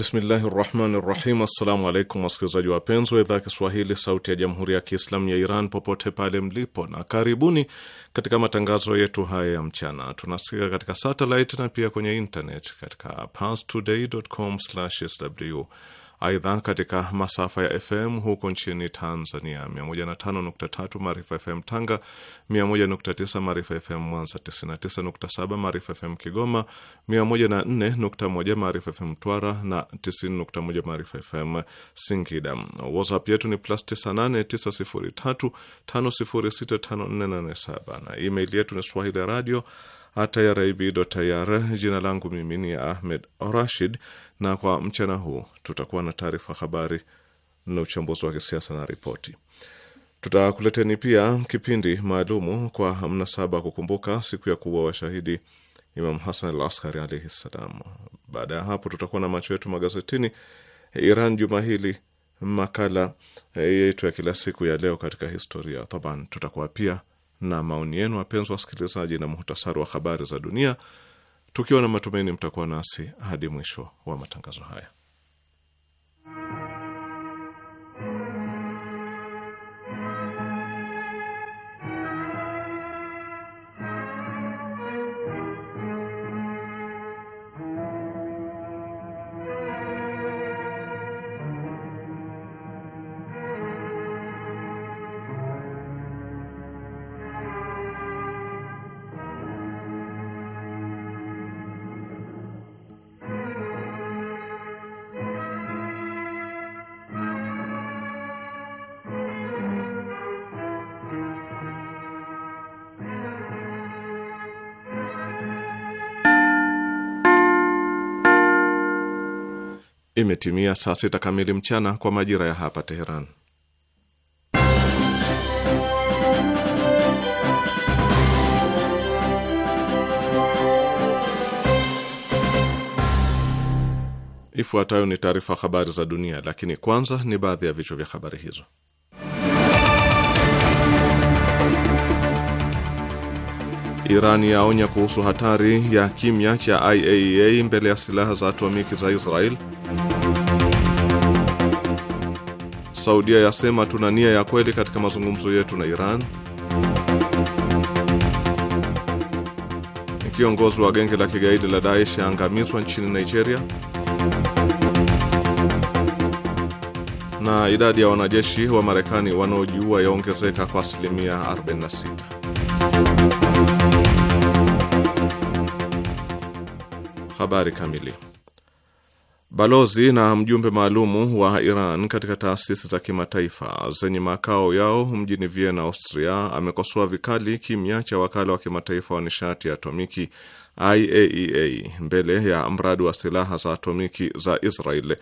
Bismillahi rahmani rahim. Assalamu alaikum wasikilizaji wapenzi wa idhaa ya Kiswahili sauti ya jamhuri ya Kiislamu ya Iran popote pale mlipo, na karibuni katika matangazo yetu haya ya mchana. Tunasikika katika satelit na pia kwenye internet katika parstoday.com/sw Aidha, katika masafa ya FM huko nchini Tanzania, 105.3 Maarifa FM Tanga, 101.9 Maarifa FM Mwanza, 99.7 Maarifa FM Kigoma, 104.1 Maarifa FM Mtwara na 90.1 Maarifa FM Singida. WhatsApp yetu ni plus 989035065487 na email yetu ni swahili radio irib.ir. Jina langu mimi ni Ahmed Rashid, na kwa mchana huu tutakuwa na taarifa habari na uchambuzi wa kisiasa na ripoti. Tutakuleteni pia kipindi maalumu kwa mnasaba kukumbuka siku ya kuwa washahidi Imam Hasan al Askari alaihi ssalam. Baada ya hapo, tutakuwa na macho yetu magazetini, Iran juma hili, makala yetu ya kila siku ya leo katika historia taban. Tutakuwa pia na maoni yenu, wapenzi wasikilizaji, na muhtasari wa habari za dunia, tukiwa na matumaini mtakuwa nasi hadi mwisho wa matangazo haya. Imetimia saa sita kamili mchana kwa majira ya hapa Teheran. Ifuatayo ni taarifa habari za dunia, lakini kwanza ni baadhi ya vichwa vya habari hizo. Iran yaonya kuhusu hatari ya kimya cha IAEA e mbele ya silaha za atomiki za Israel. Saudia yasema tuna nia ya kweli katika mazungumzo yetu na Iran. Kiongozi wa genge la kigaidi la Daesh yaangamizwa nchini Nigeria. Na idadi ya wanajeshi wa Marekani wanaojiua yaongezeka kwa asilimia 46. Habari kamili Balozi na mjumbe maalumu wa Iran katika taasisi za kimataifa zenye makao yao mjini Vienna, Austria, amekosoa vikali kimya cha wakala wa kimataifa wa nishati ya atomiki IAEA e mbele ya mradi wa silaha za atomiki za Israel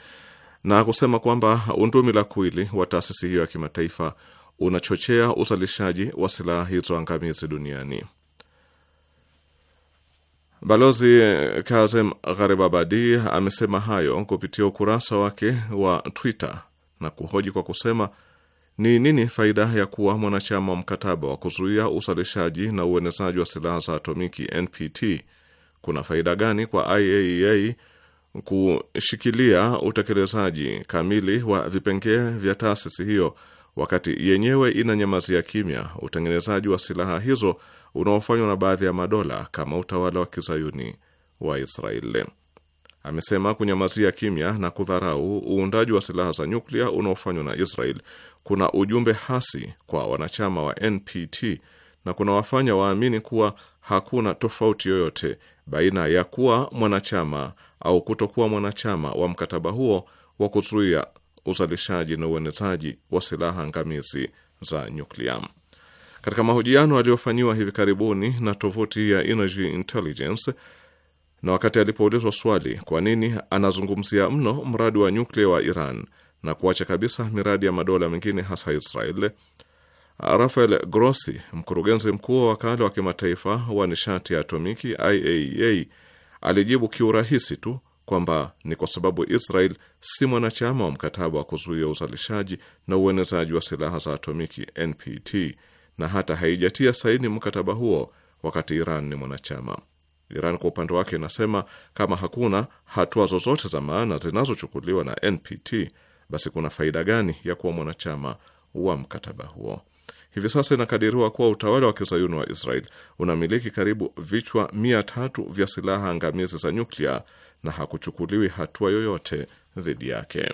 na kusema kwamba undumi la kuili wa taasisi hiyo ya kimataifa unachochea uzalishaji wa silaha hizo angamizi duniani. Balozi eh, Kazem Gharibabadi amesema hayo kupitia ukurasa wake wa Twitter na kuhoji kwa kusema ni nini faida ya kuwa mwanachama wa mkataba wa kuzuia uzalishaji na uenezaji wa silaha za atomiki NPT? Kuna faida gani kwa IAEA e kushikilia utekelezaji kamili wa vipengee vya taasisi hiyo wakati yenyewe inanyamazia kimya utengenezaji wa silaha hizo unaofanywa na baadhi ya madola kama utawala wa kizayuni wa Israeli. Amesema kunyamazia kimya na kudharau uundaji wa silaha za nyuklia unaofanywa na Israel kuna ujumbe hasi kwa wanachama wa NPT na kuna wafanya waamini kuwa hakuna tofauti yoyote baina ya kuwa mwanachama au kutokuwa mwanachama wa mkataba huo wa kuzuia uzalishaji na uenezaji wa silaha ngamizi za nyuklia. Katika mahojiano aliyofanyiwa hivi karibuni na tovuti ya Energy Intelligence, na wakati alipoulizwa swali kwa nini anazungumzia mno mradi wa nyuklia wa Iran na kuacha kabisa miradi ya madola mengine hasa Israel, Rafael Grossi, mkurugenzi mkuu wa wakala wa kimataifa wa nishati ya atomiki IAEA, e, alijibu kiurahisi tu kwamba ni kwa sababu Israel si mwanachama wa mkataba wa kuzuia uzalishaji na uenezaji wa silaha za atomiki NPT na hata haijatia saini mkataba huo wakati Iran ni mwanachama. Iran kwa upande wake inasema kama hakuna hatua zozote za maana zinazochukuliwa na NPT, basi kuna faida gani ya kuwa mwanachama wa mkataba huo? Hivi sasa inakadiriwa kuwa utawala wa kizayuni wa Israel unamiliki karibu vichwa mia tatu vya silaha angamizi za nyuklia na hakuchukuliwi hatua yoyote dhidi yake.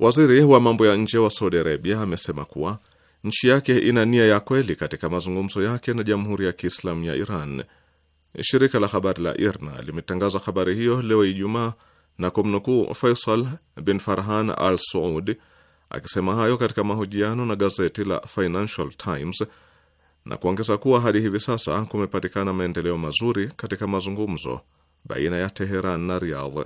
Waziri wa mambo ya nje wa Saudi Arabia amesema kuwa nchi yake ina nia ya kweli katika mazungumzo yake na Jamhuri ya Kiislamu ya Iran. Shirika la habari la IRNA limetangaza habari hiyo leo Ijumaa na kumnukuu Faisal bin Farhan Al Saud akisema hayo katika mahojiano na gazeti la Financial Times na kuongeza kuwa hadi hivi sasa kumepatikana maendeleo mazuri katika mazungumzo baina ya Teheran na Riyadh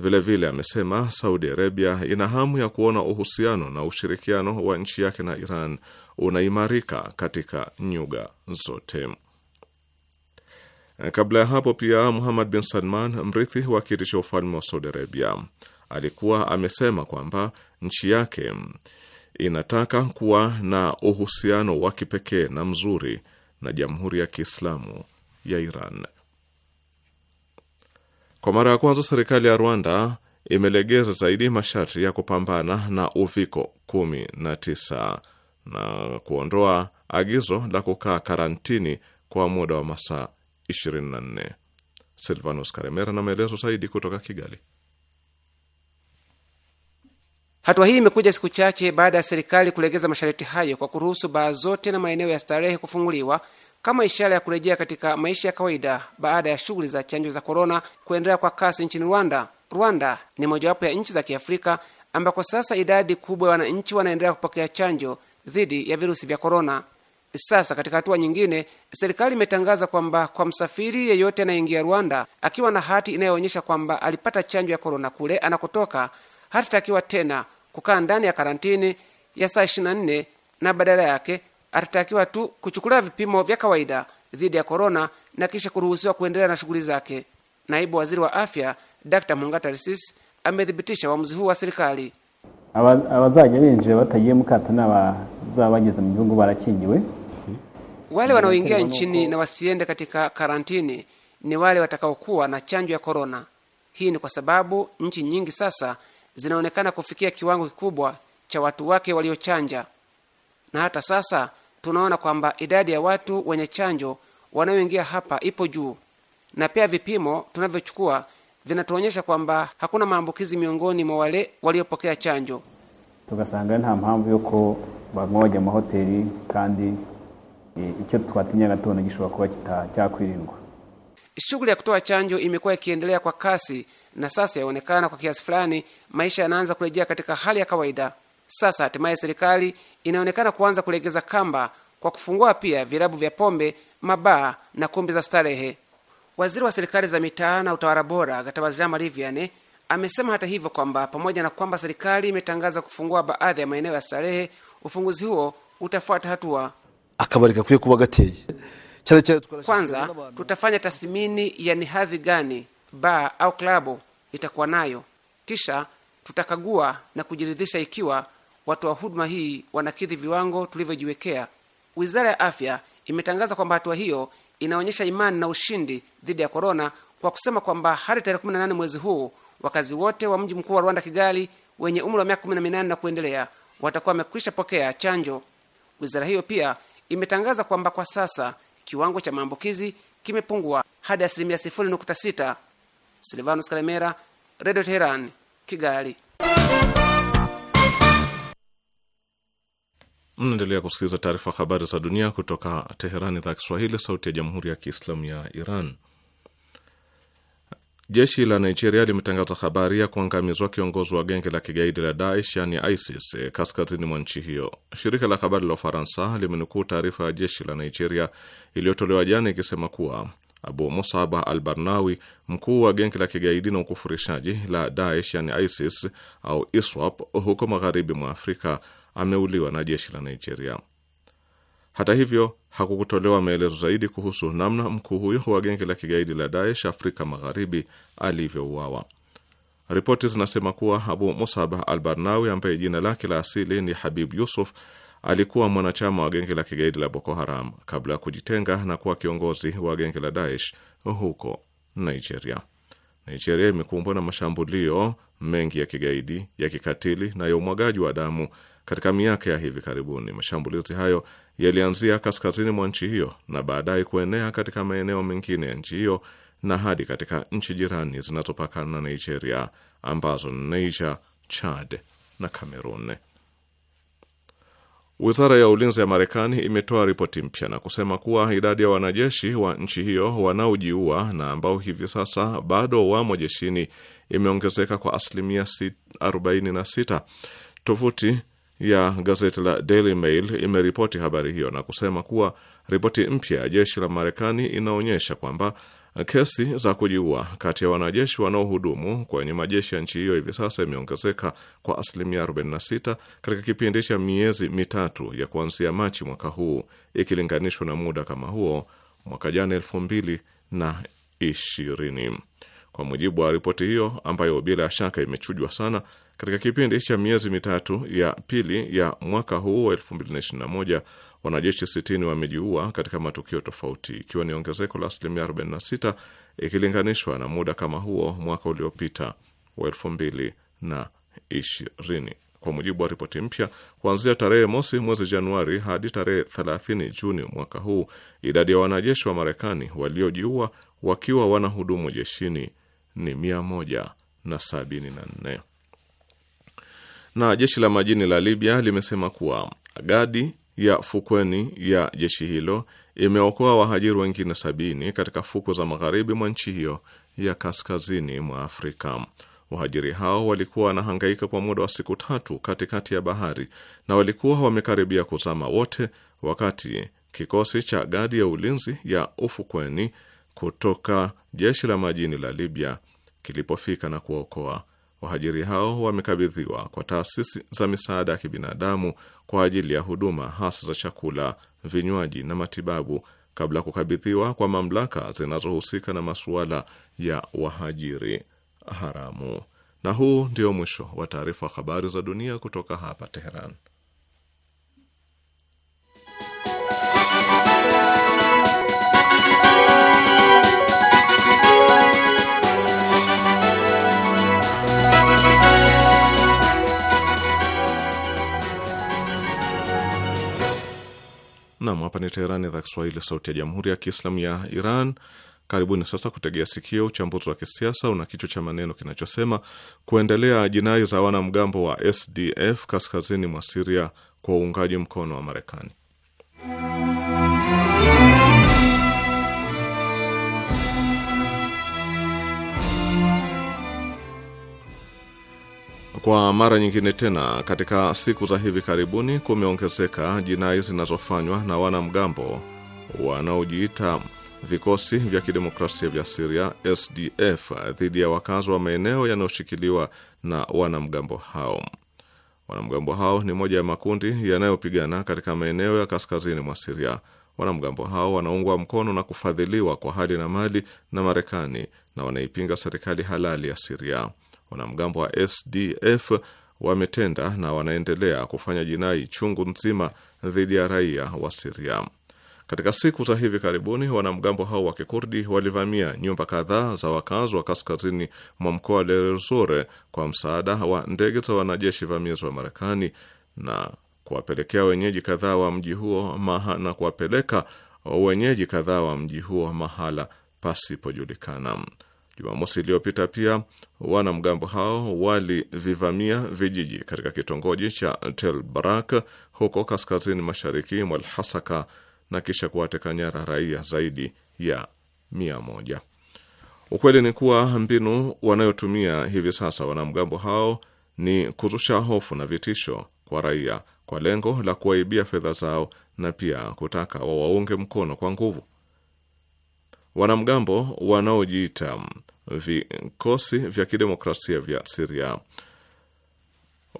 Vilevile amesema Saudi Arabia ina hamu ya kuona uhusiano na ushirikiano wa nchi yake na Iran unaimarika katika nyuga zote. Kabla ya hapo pia, Muhammad bin Salman, mrithi wa kiti cha ufalme wa Saudi Arabia, alikuwa amesema kwamba nchi yake inataka kuwa na uhusiano wa kipekee na mzuri na Jamhuri ya Kiislamu ya Iran. Kwa mara ya kwanza serikali ya Rwanda imelegeza zaidi masharti ya kupambana na uviko 19 na na kuondoa agizo la kukaa karantini kwa muda wa masaa 24. Silvanus Karemera na maelezo zaidi kutoka Kigali. Hatua hii imekuja siku chache baada ya serikali kulegeza masharti hayo kwa kuruhusu baa zote na maeneo ya starehe kufunguliwa kama ishara ya kurejea katika maisha ya kawaida baada ya shughuli za chanjo za korona kuendelea kwa kasi nchini Rwanda. Rwanda ni mojawapo ya nchi za Kiafrika ambako sasa idadi kubwa ya wananchi wanaendelea kupokea chanjo dhidi ya virusi vya korona. Sasa katika hatua nyingine, serikali imetangaza kwamba kwa msafiri yeyote anayeingia Rwanda akiwa na hati inayoonyesha kwamba alipata chanjo ya korona kule anakotoka, hatatakiwa tena kukaa ndani ya karantini ya saa 24 na badala yake atatakiwa tu kuchukuliwa vipimo vya kawaida dhidi ya korona na kisha kuruhusiwa kuendelea na shughuli zake. Naibu waziri wa afya Dr Mungata amethibitisha uamuzi huu wa serikali. Awazaja binjira batagiye mukato n'abazaba mu gihugu barakingiwe. Wale wanaoingia nchini na wasiende katika karantini ni wale watakaokuwa na chanjo ya korona. Hii ni kwa sababu nchi nyingi sasa zinaonekana kufikia kiwango kikubwa cha watu wake waliochanja, na hata sasa tunaona kwamba idadi ya watu wenye chanjo wanaoingia hapa ipo juu, na pia vipimo tunavyochukua vinatuonyesha kwamba hakuna maambukizi miongoni mwa wale waliopokea chanjo. tugasanga nta mpamvu yuko bamwoja mahoteli kandi icyo twatinya gatona gishobora kuba kitacyakwirindwa. Shughuli ya kutoa chanjo imekuwa ikiendelea kwa kasi, na sasa yaonekana kwa kiasi fulani maisha yanaanza kurejea katika hali ya kawaida. Sasa hatimaye serikali inaonekana kuanza kulegeza kamba kwa kufungua pia vilabu vya pombe, mabaa na kumbi za starehe. Waziri wa serikali za mitaa na utawala bora Gatabazi Mariviane amesema hata hivyo kwamba pamoja na kwamba serikali imetangaza kufungua baadhi ya maeneo ya starehe, ufunguzi huo utafuata hatua. akabari kuba gateye kwanza, tutafanya tathmini ya ni hadhi gani ba au klabu itakuwa nayo, kisha tutakagua na kujiridhisha ikiwa watu wa huduma hii wanakidhi viwango tulivyojiwekea. Wizara ya Afya imetangaza kwamba hatua hiyo inaonyesha imani na ushindi dhidi ya korona kwa kusema kwamba hadi tarehe 18 mwezi huu wakazi wote wa mji mkuu wa Rwanda, Kigali, wenye umri wa miaka 18 na kuendelea watakuwa wamekwisha pokea chanjo. Wizara hiyo pia imetangaza kwamba kwa sasa kiwango cha maambukizi kimepungua hadi asilimia 0.6. Silvanus Kalemera, Redio Teheran, Kigali. Mnaendelea kusikiliza taarifa habari za dunia kutoka Teherani, idhaa Kiswahili, sauti ya jamhuri ya kiislamu ya Iran. Jeshi la Nigeria limetangaza habari ya kuangamizwa kiongozi wa genge la kigaidi la Daesh yani ISIS kaskazini mwa nchi hiyo. Shirika la habari la Ufaransa limenukuu taarifa ya jeshi la Nigeria iliyotolewa jana ikisema kuwa Abu Musab al Barnawi, mkuu wa genge la kigaidi na ukufurishaji la Daesh yani ISIS au ISWAP huko magharibi mwa Afrika ameuliwa na jeshi la Nigeria. Hata hivyo hakukutolewa maelezo zaidi kuhusu namna mkuu huyo wa genge la kigaidi la Daesh Afrika Magharibi alivyouawa. Ripoti zinasema kuwa Abu Musab al Barnawi, ambaye jina lake la asili ni Habib Yusuf, alikuwa mwanachama wa genge la kigaidi la Boko Haram kabla ya kujitenga na kuwa kiongozi wa genge la Daesh huko Nigeria. Nigeria imekumbwa na mashambulio mengi ya kigaidi, ya kikatili na ya umwagaji wa damu katika miaka ya hivi karibuni, mashambulizi hayo yalianzia kaskazini mwa nchi hiyo na baadaye kuenea katika maeneo mengine ya nchi hiyo na hadi katika nchi jirani zinazopakana na Nigeria ambazo ni Niger, Chad na Cameroon. Wizara ya ulinzi ya Marekani imetoa ripoti mpya na kusema kuwa idadi ya wanajeshi wa nchi hiyo wanaojiua na ambao hivi sasa bado wamo jeshini imeongezeka kwa asilimia 46. Tovuti ya gazeti la Daily Mail imeripoti habari hiyo na kusema kuwa ripoti mpya ya jeshi la Marekani inaonyesha kwamba kesi za kujiua kati ya wanajeshi wanaohudumu kwenye majeshi ya nchi hiyo hivi sasa imeongezeka kwa asilimia 46 katika kipindi cha miezi mitatu ya kuanzia Machi mwaka huu ikilinganishwa na muda kama huo mwaka jana elfu mbili na ishirini. Kwa mujibu wa ripoti hiyo ambayo bila shaka imechujwa sana, katika kipindi cha miezi mitatu ya pili ya mwaka huu wa 2021 wanajeshi 60 wamejiua katika matukio tofauti, ikiwa ni ongezeko la asilimia 46 ikilinganishwa na muda kama huo mwaka uliopita wa 2020. Kwa mujibu wa ripoti mpya, kuanzia tarehe mosi mwezi Januari hadi tarehe 30 Juni mwaka huu, idadi ya wanajeshi wa Marekani waliojiua wakiwa wanahudumu jeshini ni 174 na jeshi la majini la Libya limesema kuwa gadi ya fukweni ya jeshi hilo imeokoa wahajiri wengine sabini katika fuko za magharibi mwa nchi hiyo ya kaskazini mwa Afrika. Wahajiri hao walikuwa wanahangaika kwa muda wa siku tatu katikati ya bahari na walikuwa wamekaribia kuzama wote, wakati kikosi cha gadi ya ulinzi ya ufukweni kutoka jeshi la majini la Libya kilipofika na kuwaokoa. Wahajiri hao wamekabidhiwa kwa taasisi za misaada ya kibinadamu kwa ajili ya huduma hasa za chakula, vinywaji na matibabu kabla ya kukabidhiwa kwa mamlaka zinazohusika na masuala ya wahajiri haramu. Na huu ndio mwisho wa taarifa habari za dunia kutoka hapa Teheran. Nam, hapa ni Teherani, idhaa Kiswahili, sauti ya jamhuri ya kiislamu ya Iran. Karibuni sasa kutegea sikio uchambuzi wa kisiasa una kichwa cha maneno kinachosema kuendelea jinai za wanamgambo wa SDF kaskazini mwa Siria kwa uungaji mkono wa Marekani. Kwa mara nyingine tena katika siku za hivi karibuni kumeongezeka jinai zinazofanywa na wanamgambo wanaojiita vikosi vya kidemokrasia vya Siria SDF dhidi ya wakazi wa maeneo yanayoshikiliwa na wanamgambo hao. Wanamgambo hao ni moja ya makundi yanayopigana katika maeneo ya kaskazini mwa Siria. Wanamgambo hao wanaungwa mkono na kufadhiliwa kwa hali na mali na Marekani na wanaipinga serikali halali ya Siria wanamgambo wa SDF wametenda na wanaendelea kufanya jinai chungu nzima dhidi ya raia wa Siria. Katika siku za hivi karibuni, wanamgambo hao wa Kikurdi walivamia nyumba kadhaa za wakazi wa kaskazini mwa mkoa wa Deir ez-Zor kwa msaada wa ndege za wanajeshi vamizi wa Marekani na kuwapelekea wenyeji kadhaa wa mji huo maha, na kuwapeleka wenyeji kadhaa wa mji huo mahala pasipojulikana. Jumamosi iliyopita pia wanamgambo hao walivivamia vijiji katika kitongoji cha Tel Barak huko kaskazini mashariki mwa Lhasaka na kisha kuwateka nyara raia zaidi ya mia moja. Ukweli ni kuwa mbinu wanayotumia hivi sasa wanamgambo hao ni kuzusha hofu na vitisho kwa raia kwa lengo la kuwaibia fedha zao na pia kutaka wawaunge mkono kwa nguvu. Wanamgambo wanaojiita vikosi vya kidemokrasia vya Siria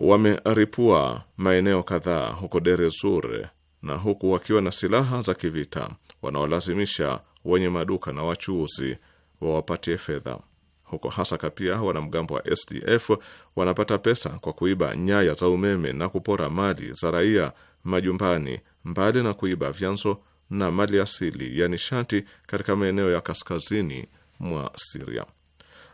wameripua maeneo kadhaa huko Deir ez-Zur, na huku wakiwa na silaha za kivita wanaolazimisha wenye maduka na wachuuzi wawapatie fedha huko Hasaka. Pia wanamgambo wa SDF wanapata pesa kwa kuiba nyaya za umeme na kupora mali za raia majumbani, mbali na kuiba vyanzo na mali asili ya nishati katika maeneo ya kaskazini mwa Siria.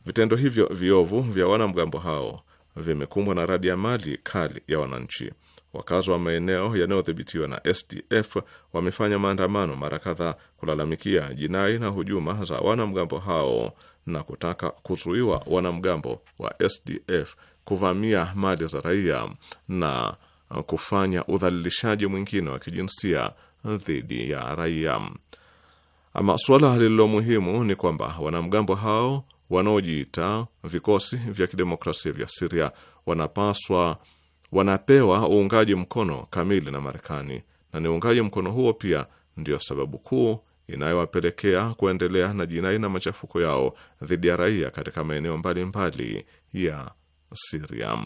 Vitendo hivyo viovu vya wanamgambo hao vimekumbwa na radi ya mali kali ya wananchi. Wakazi wa maeneo yanayodhibitiwa na SDF wamefanya maandamano mara kadhaa kulalamikia jinai na hujuma za wanamgambo hao na kutaka kuzuiwa wanamgambo wa SDF kuvamia mali za raia na kufanya udhalilishaji mwingine wa kijinsia dhidi ya raia. Ama suala lililo muhimu ni kwamba wanamgambo hao wanaojiita vikosi vya kidemokrasia vya Siria wanapaswa wanapewa uungaji mkono kamili na Marekani, na ni uungaji mkono huo pia ndiyo sababu kuu inayowapelekea kuendelea na jinai na machafuko yao dhidi ya raia katika maeneo mbalimbali ya Siria.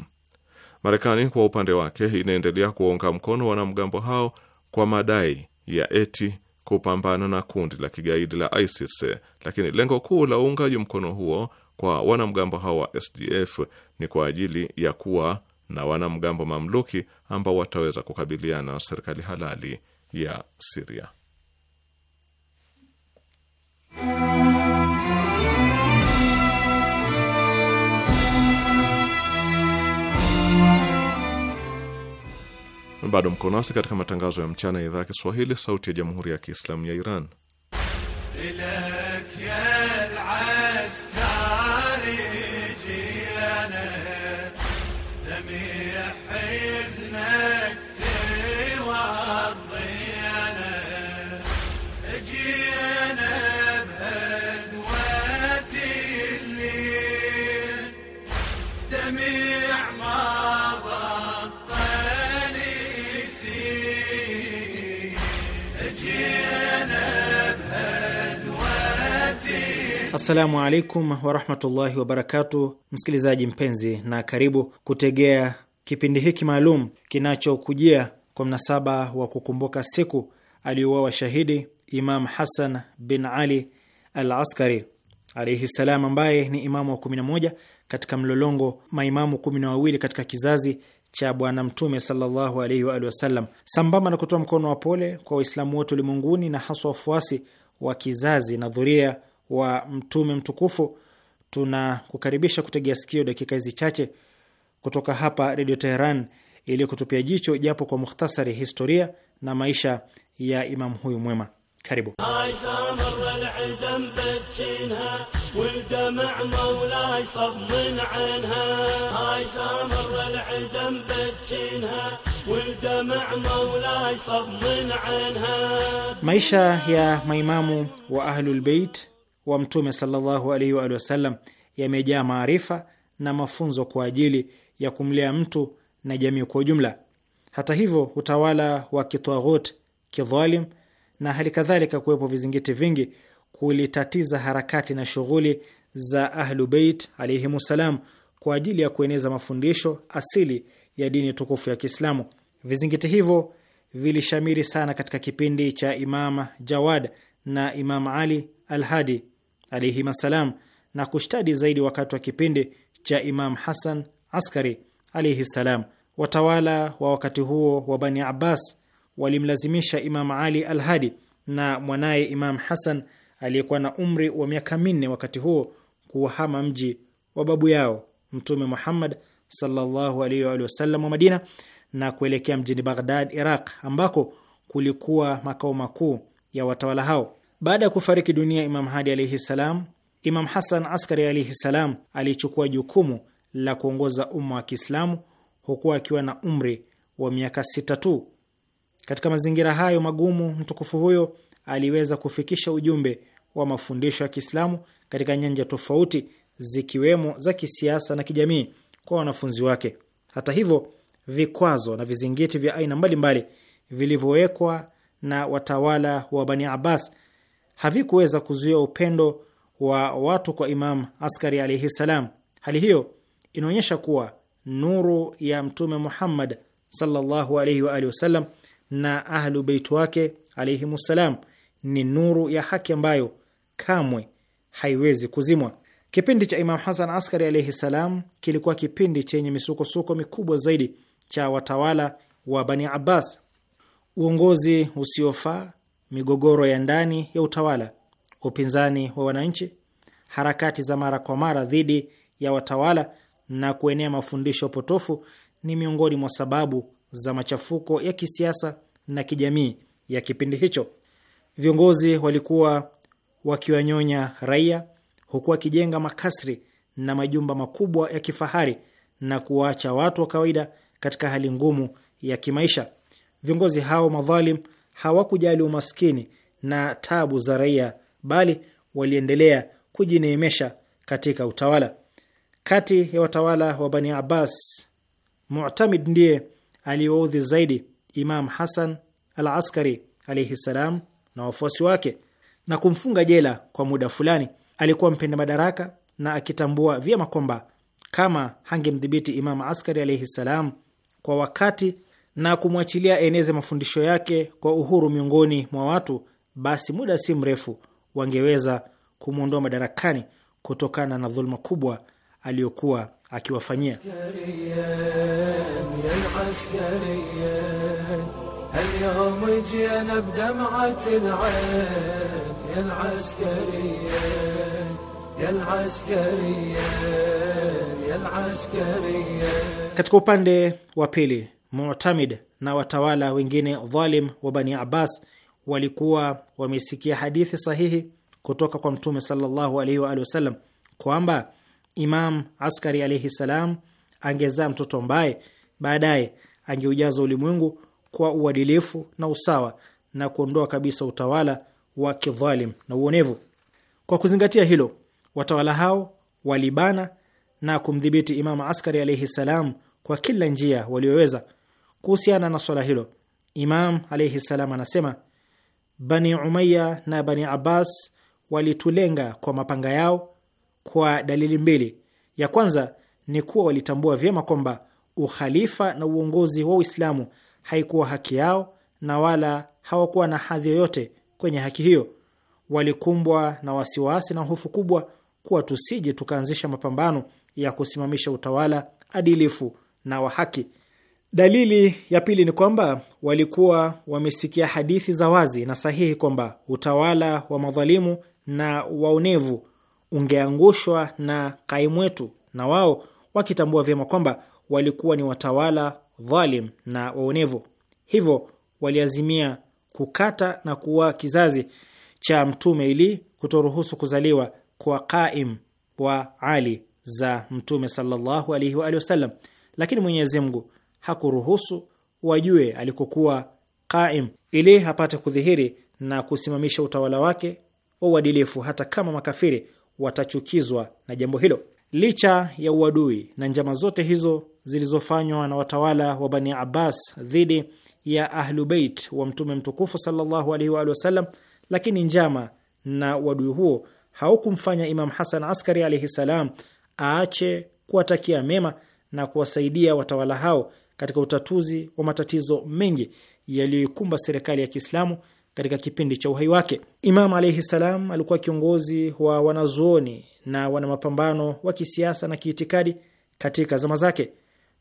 Marekani kwa upande wake inaendelea kuwaunga mkono wanamgambo hao kwa madai ya eti kupambana na kundi la kigaidi la ISIS, lakini lengo kuu la uungaji mkono huo kwa wanamgambo hao wa SDF ni kwa ajili ya kuwa na wanamgambo mamluki ambao wataweza kukabiliana na serikali halali ya Siria. Bado mko nasi katika matangazo ya mchana ya idhaa ya Kiswahili, sauti ya jamhuri ya kiislamu ya Iran Bila. Assalamu alaikum warahmatullahi wabarakatu msikilizaji mpenzi, na karibu kutegea kipindi hiki maalum kinachokujia kwa mnasaba wa kukumbuka siku aliyouawa shahidi Imam Hasan bin Ali al Askari alaihi ssalam, ambaye ni imamu wa 11 katika mlolongo maimamu kumi na wawili katika kizazi cha Bwana Mtume sallallahu alaihi wa alihi wasallam, sambamba na kutoa mkono wa pole kwa Waislamu wote ulimwenguni na haswa wafuasi wa kizazi na dhuria wa mtume mtukufu, tunakukaribisha kutegea sikio dakika hizi chache kutoka hapa Redio Teheran ili kutupia jicho japo kwa mukhtasari historia na maisha ya imamu huyu mwema. Karibu. Maisha ya maimamu wa Ahlulbeit wa Mtume sallallahu alaihi wa wasallam yamejaa maarifa na mafunzo kwa ajili ya kumlea mtu na jamii kwa ujumla. Hata hivyo, utawala wa kitwaghut kidhalim, na hali kadhalika kuwepo vizingiti vingi kulitatiza harakati na shughuli za Ahlu Beit alaihimu salam kwa ajili ya kueneza mafundisho asili ya dini tukufu ya Kiislamu. Vizingiti hivyo vilishamiri sana katika kipindi cha Imam Jawad na Imam Ali Alhadi alaihim assalam, na kushtadi zaidi wakati wa kipindi cha Imam Hasan Askari alaihi ssalam. Watawala wa wakati huo wa Bani Abbas walimlazimisha Imam Ali al Hadi na mwanaye Imam Hasan aliyekuwa na umri wa miaka minne wakati huo kuwahama mji wa babu yao Mtume Muhammad sallallahu alaihi wa sallam wa Madina na kuelekea mjini Baghdad, Iraq, ambako kulikuwa makao makuu ya watawala hao. Baada ya kufariki dunia Imam Hadi alaihi salam, Imam Hasan Askari alaihi salam alichukua jukumu la kuongoza umma wa Kiislamu hukuwa akiwa na umri wa miaka sita tu. Katika mazingira hayo magumu, mtukufu huyo aliweza kufikisha ujumbe wa mafundisho ya Kiislamu katika nyanja tofauti zikiwemo za kisiasa na kijamii kwa wanafunzi wake. Hata hivyo, vikwazo na vizingiti vya aina mbalimbali vilivyowekwa na watawala wa Bani Abbas havikuweza kuzuia upendo wa watu kwa Imam Askari alaihi salam. Hali hiyo inaonyesha kuwa nuru ya Mtume Muhammad sallallahu alaihi wa alihi wasallam na Ahlu Beitu wake ssalam ni nuru ya haki ambayo kamwe haiwezi kuzimwa. Kipindi cha Imam Hasan Askari alaihi salam kilikuwa kipindi chenye misukosuko mikubwa zaidi cha watawala wa Bani Abbas. Uongozi usiofaa migogoro ya ndani ya utawala, upinzani wa wananchi, harakati za mara kwa mara dhidi ya watawala na kuenea mafundisho potofu ni miongoni mwa sababu za machafuko ya kisiasa na kijamii ya kipindi hicho. Viongozi walikuwa wakiwanyonya raia huku wakijenga makasri na majumba makubwa ya kifahari na kuwaacha watu wa kawaida katika hali ngumu ya kimaisha. Viongozi hao madhalim hawakujali umaskini na tabu za raia, bali waliendelea kujineemesha katika utawala. Kati ya watawala wa Bani Abbas, Mu'tamid ndiye aliyoudhi zaidi Imam Hasan al Askari alaihi ssalam na wafuasi wake na kumfunga jela kwa muda fulani. Alikuwa mpenda madaraka na akitambua vyema kwamba kama hangemdhibiti Imam Askari alaihi ssalam kwa wakati na kumwachilia eneze mafundisho yake kwa uhuru miongoni mwa watu, basi muda si mrefu wangeweza kumwondoa madarakani kutokana na dhuluma kubwa aliyokuwa akiwafanyia. Katika upande wa pili Mutamid na watawala wengine dhalim wa Bani Abbas walikuwa wamesikia hadithi sahihi kutoka kwa Mtume sallallahu alaihi wa alihi wasallam kwamba Imam Askari alaihi salam angezaa mtoto ambaye baadaye angeujaza ulimwengu kwa uadilifu na usawa na kuondoa kabisa utawala wa kidhalim na uonevu. Kwa kuzingatia hilo, watawala hao walibana na kumdhibiti Imam Askari alaihi salam kwa kila njia walioweza. Kuhusiana na swala hilo, Imam alaihi ssalam anasema Bani Umaya na Bani Abbas walitulenga kwa mapanga yao kwa dalili mbili. Ya kwanza ni kuwa walitambua vyema kwamba ukhalifa na uongozi wa Uislamu haikuwa haki yao na wala hawakuwa na hadhi yoyote kwenye haki hiyo. Walikumbwa na wasiwasi na hofu kubwa kuwa tusije tukaanzisha mapambano ya kusimamisha utawala adilifu na wa haki. Dalili ya pili ni kwamba walikuwa wamesikia hadithi za wazi na sahihi kwamba utawala wa madhalimu na waonevu ungeangushwa na wetu na wao wakitambua vyema kwamba walikuwa ni watawala dhalim na waonevu, hivyo waliazimia kukata na kuua kizazi cha mtume ili kutoruhusu kuzaliwa kwa qaim wa Ali za mtume sallallahu alaihi wa alihi wasallam, lakini Mwenyezi Mungu hakuruhusu wajue alikokuwa qaim, ili apate kudhihiri na kusimamisha utawala wake wa uadilifu, hata kama makafiri watachukizwa na jambo hilo. Licha ya uadui na njama zote hizo zilizofanywa na watawala wa Bani Abbas dhidi ya Ahlubeit wa Mtume mtukufu sallallahu alaihi wa alihi wasallam, lakini njama na uadui huo haukumfanya Imam Hasan Askari alaihi salam aache kuwatakia mema na kuwasaidia watawala hao katika utatuzi wa matatizo mengi yaliyoikumba serikali ya Kiislamu katika kipindi cha uhai wake. Imam alaihi salam alikuwa kiongozi wa wanazuoni na wana mapambano wa kisiasa na kiitikadi katika zama zake.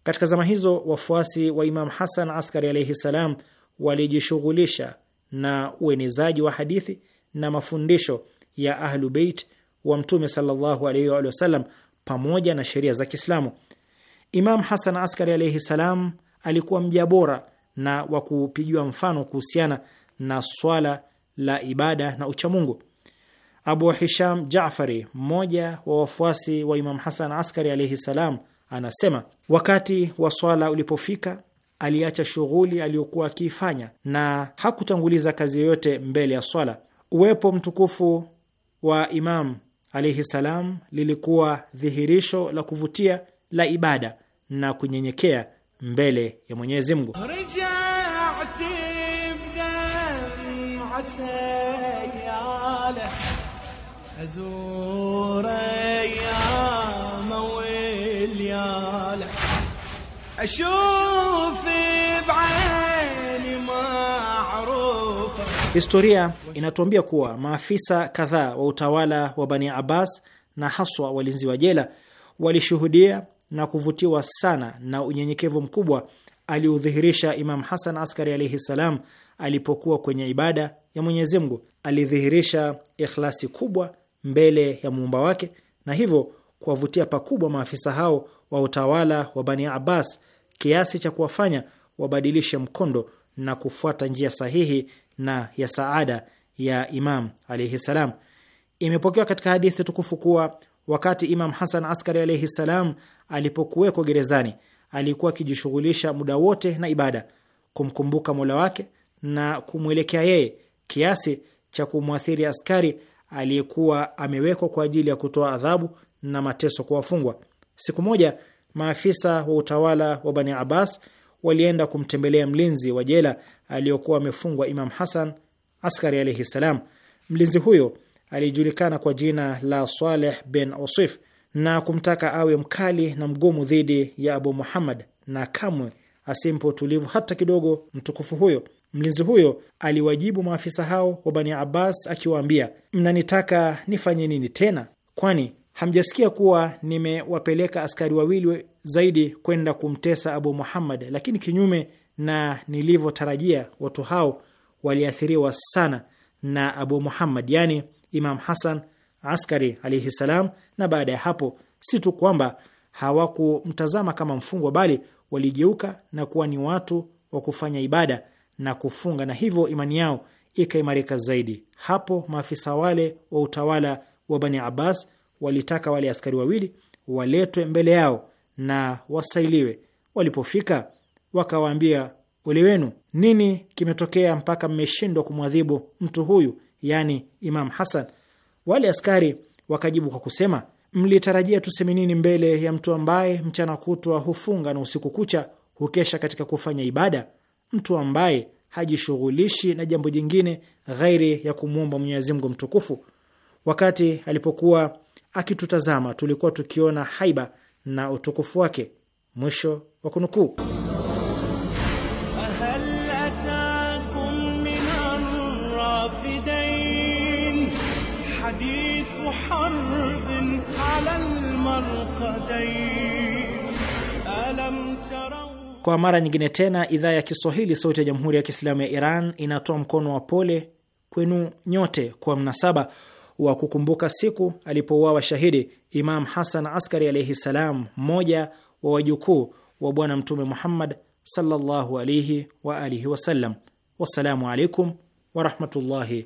Katika zama hizo, wafuasi wa Imam Hasan Askari alaihi salam walijishughulisha na uenezaji wa hadithi na mafundisho ya Ahlubeit wa Mtume sallallahu alaihi wa pamoja na sheria za Kiislamu. Imam Hasan Askari alaihi salam alikuwa mja bora na wa kupigiwa mfano kuhusiana na swala la ibada na uchamungu. Abu Hisham Jafari, mmoja wa wafuasi wa Imam Hasan Askari alaihi salam, anasema wakati wa swala ulipofika aliacha shughuli aliyokuwa akiifanya na hakutanguliza kazi yoyote mbele ya swala. Uwepo mtukufu wa Imam alaihi salam lilikuwa dhihirisho la kuvutia la ibada na kunyenyekea mbele ya Mwenyezi Mungu. Historia inatuambia kuwa maafisa kadhaa wa utawala wa Bani Abbas na haswa walinzi wa jela walishuhudia na kuvutiwa sana na unyenyekevu mkubwa aliudhihirisha Imam Hasan Askari alaihi salam alipokuwa kwenye ibada ya Mwenyezi Mungu. Alidhihirisha ikhlasi kubwa mbele ya muumba wake na hivyo kuwavutia pakubwa maafisa hao wa utawala wa Bani Abbas kiasi cha kuwafanya wabadilishe mkondo na kufuata njia sahihi na ya saada ya Imam alaihi salam. Imepokewa katika hadithi tukufu kuwa wakati Imam Hasan Askari alaihi ssalam alipokuwekwa gerezani alikuwa akijishughulisha muda wote na ibada, kumkumbuka mola wake na kumwelekea yeye, kiasi cha kumwathiri askari aliyekuwa amewekwa kwa ajili ya kutoa adhabu na mateso kwa wafungwa. Siku moja maafisa wa utawala wa Bani Abbas walienda kumtembelea mlinzi wa jela aliyokuwa amefungwa Imam Hasan Askari alaihi ssalam. Mlinzi huyo aliyejulikana kwa jina la Saleh bin Osif na kumtaka awe mkali na mgumu dhidi ya Abu Muhammad na kamwe asimpe utulivu hata kidogo mtukufu huyo. Mlinzi huyo aliwajibu maafisa hao wa Bani Abbas akiwaambia, mnanitaka nifanye nini tena? Kwani hamjasikia kuwa nimewapeleka askari wawili zaidi kwenda kumtesa Abu Muhammad? Lakini kinyume na nilivyotarajia, watu hao waliathiriwa sana na Abu Muhammad, yani Imam Hasan Askari alaihi salam, na baada ya hapo si tu kwamba hawakumtazama kama mfungwa, bali waligeuka na kuwa ni watu wa kufanya ibada na kufunga, na hivyo imani yao ikaimarika zaidi. Hapo maafisa wale wa utawala wa Bani Abbas walitaka wale askari wawili waletwe mbele yao na wasailiwe. Walipofika wakawaambia ole wenu, nini kimetokea mpaka mmeshindwa kumwadhibu mtu huyu, yaani Imam Hasan? Wale askari wakajibu kwa kusema, mlitarajia tuseme nini mbele ya mtu ambaye mchana kutwa hufunga na usiku kucha hukesha katika kufanya ibada, mtu ambaye hajishughulishi na jambo jingine ghairi ya kumwomba Mwenyezi Mungu mtukufu. Wakati alipokuwa akitutazama tulikuwa tukiona haiba na utukufu wake. Mwisho wa kunukuu. Kwa mara nyingine tena, idhaa ya Kiswahili sauti ya Jamhuri ya Kiislamu ya Iran inatoa mkono wa pole kwenu nyote kwa mnasaba wa kukumbuka siku alipouawa shahidi Imam Hasan Askari alaihi salam, mmoja wa wajukuu wa Bwana Mtume Muhammad sallallahu alaihi wa alihi wasallam. Wassalamu alaikum warahmatullahi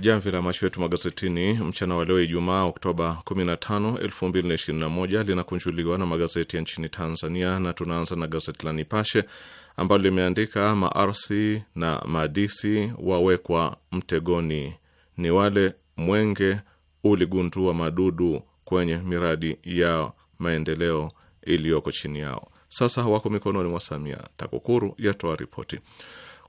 Jamvi la macho yetu magazetini mchana wa leo Ijumaa, Oktoba 15, 2021 linakunjuliwa na magazeti ya nchini Tanzania, na tunaanza na gazeti la Nipashe ambalo limeandika maarsi na madisi wawekwa mtegoni, ni wale mwenge uligundua madudu kwenye miradi ya maendeleo iliyoko chini yao, sasa wako mikononi mwa Samia. TAKUKURU yatoa ripoti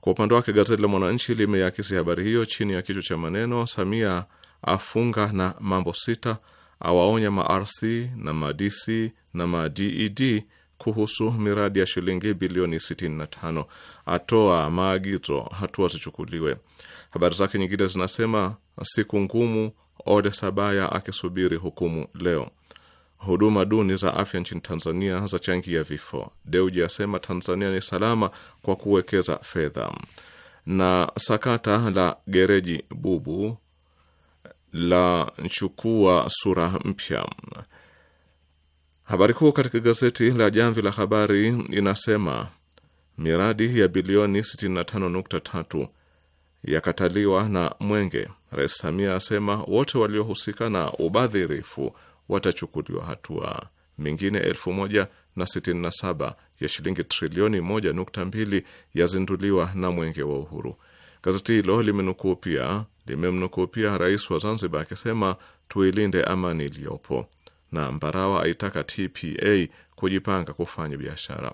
kwa upande wake gazeti la Mwananchi limeakisi habari hiyo chini ya kichwa cha maneno, Samia afunga na mambo sita, awaonya ma-RC na ma-DC na ma-DED e kuhusu miradi ya shilingi bilioni 65, atoa maagizo hatua zichukuliwe. Habari zake nyingine zinasema siku ngumu, Ode Sabaya akisubiri hukumu leo huduma duni za afya nchini Tanzania za changia vifo. Deuji asema Tanzania ni salama kwa kuwekeza fedha. Na sakata la gereji bubu la nchukua sura mpya. Habari kuu katika gazeti la Jamvi la Habari inasema miradi ya bilioni 65.3 yakataliwa na Mwenge. Rais Samia asema wote waliohusika na ubadhirifu watachukuliwa hatua. Mingine elfu moja na sitini na saba ya shilingi trilioni moja nukta mbili yazinduliwa na mwenge wa uhuru. Gazeti hilo limenukuu pia limemnukuu pia rais wa Zanzibar akisema tuilinde amani iliyopo, na Mbarawa aitaka TPA kujipanga kufanya biashara.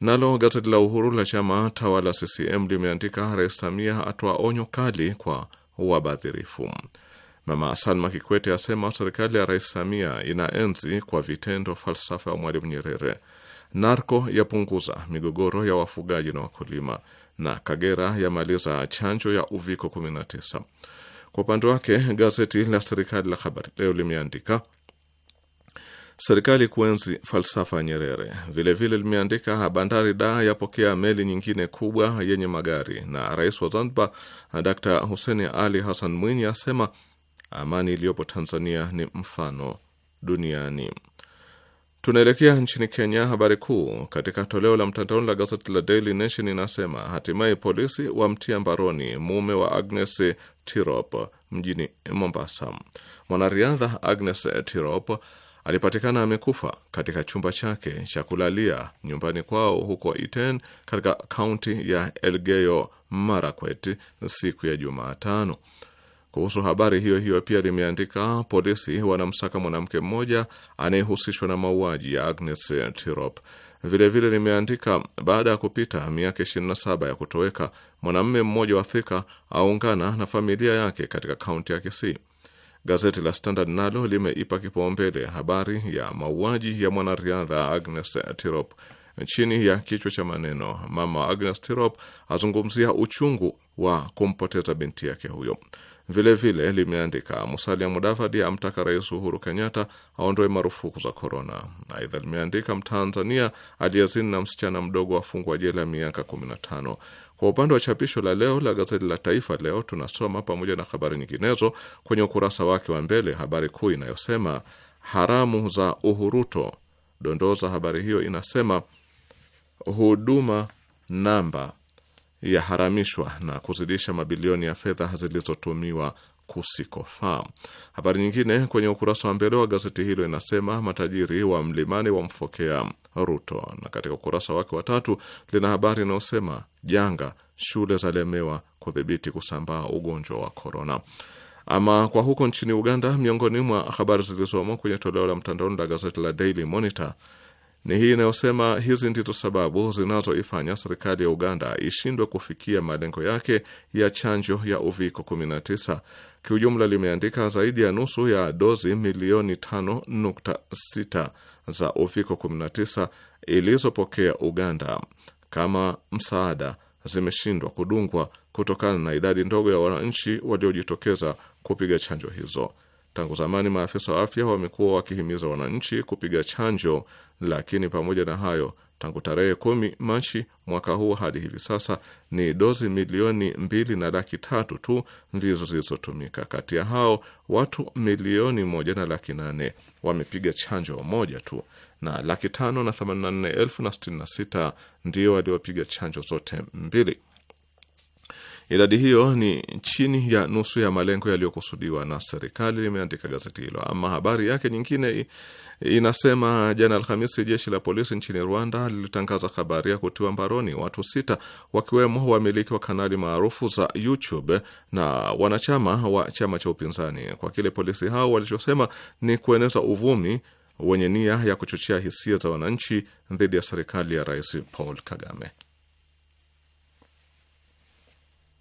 Nalo gazeti la Uhuru la chama tawala CCM limeandika Rais Samia atoa onyo kali kwa wabadhirifu. Mama Salma Kikwete asema serikali ya Rais Samia inaenzi kwa vitendo falsafa ya Mwalimu Nyerere. Narko yapunguza migogoro ya wafugaji na wakulima, na Kagera yamaliza chanjo ya uviko 19. Kwa upande wake gazeti la serikali la Habari Leo limeandika serikali kuenzi falsafa ya Nyerere. Vilevile limeandika bandari da yapokea meli nyingine kubwa yenye magari, na rais wa Zanzibar Dr Huseni Ali Hassan Mwinyi asema Amani iliyopo Tanzania ni mfano duniani. Tunaelekea nchini Kenya. Habari kuu katika toleo la mtandaoni la gazeti la Daily Nation inasema hatimaye polisi wamtia mbaroni mume wa Agnes Tirop mjini Mombasa. Mwanariadha Agnes Tirop alipatikana amekufa katika chumba chake cha kulalia nyumbani kwao huko Iten katika kaunti ya Elgeyo Marakwet siku ya Jumatano. Kuhusu habari hiyo hiyo pia limeandika polisi wanamsaka mwanamke mmoja anayehusishwa na mauaji ya Agnes Tirop. Vilevile limeandika baada ya kupita miaka 27 ya kutoweka, mwanamume mmoja wa Thika aungana na familia yake katika kaunti ya Kisii. Gazeti la Standard nalo limeipa kipaumbele habari ya mauaji ya mwanariadha Agnes Tirop chini ya kichwa cha maneno, mama Agnes Tirop azungumzia uchungu wa kumpoteza binti yake huyo. Vilevile limeandika Musalia Mudavadi amtaka Rais Uhuru Kenyatta aondoe marufuku za korona. Aidha limeandika Mtanzania aliyezini na msichana mdogo afungwa jela miaka 15. Kwa upande wa chapisho la leo la gazeti la Taifa Leo tunasoma pamoja na habari nyinginezo kwenye ukurasa wake wa mbele habari kuu inayosema haramu za Uhuruto. Dondoo za habari hiyo inasema huduma namba yaharamishwa na kuzidisha mabilioni ya fedha zilizotumiwa kusikofaa. Habari nyingine kwenye ukurasa wa mbele wa gazeti hilo inasema matajiri wa mlimani wamfokea Ruto, na katika ukurasa wake wa tatu lina habari inayosema janga, shule zalemewa kudhibiti kusambaa ugonjwa wa korona. Ama kwa huko nchini Uganda, miongoni mwa habari zilizomo kwenye toleo la mtandaoni la gazeti la Daily Monitor ni hii inayosema hizi ndizo sababu zinazoifanya serikali ya Uganda ishindwe kufikia malengo yake ya chanjo ya uviko 19. Kiujumla limeandika zaidi ya nusu ya dozi milioni 5.6 za uviko 19 ilizopokea Uganda kama msaada zimeshindwa kudungwa kutokana na idadi ndogo ya wananchi waliojitokeza kupiga chanjo hizo. Tangu zamani maafisa wa afya wamekuwa wakihimiza wananchi kupiga chanjo, lakini pamoja na hayo, tangu tarehe kumi Machi mwaka huu hadi hivi sasa ni dozi milioni mbili na laki tatu tu ndizo zilizotumika. Kati ya hao watu milioni moja na laki nane wamepiga chanjo moja tu na laki tano na themanini na nne elfu na sitini na sita ndio waliopiga chanjo zote mbili. Idadi hiyo ni chini ya nusu ya malengo yaliyokusudiwa na serikali, limeandika gazeti hilo. Ama habari yake nyingine inasema, jana Alhamisi, jeshi la polisi nchini Rwanda lilitangaza habari ya kutiwa mbaroni watu sita, wakiwemo wamiliki wa kanali maarufu za YouTube na wanachama wa chama cha upinzani kwa kile polisi hao walichosema ni kueneza uvumi wenye nia ya kuchochea hisia za wananchi dhidi ya serikali ya Rais Paul Kagame.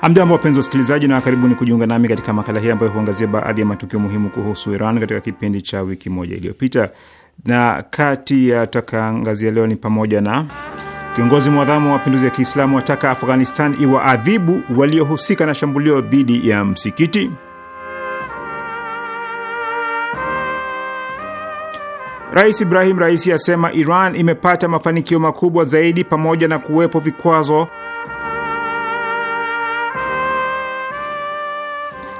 Hamjambo, wapenzi usikilizaji na karibuni kujiunga nami katika makala hii ambayo huangazia baadhi ya matukio muhimu kuhusu Iran katika kipindi cha wiki moja iliyopita. Na kati ya tutakaangazia leo ni pamoja na kiongozi mwadhamu wa mapinduzi ya Kiislamu wataka Afghanistan iwaadhibu waliohusika na shambulio dhidi ya msikiti; Rais Ibrahim Raisi asema Iran imepata mafanikio makubwa zaidi pamoja na kuwepo vikwazo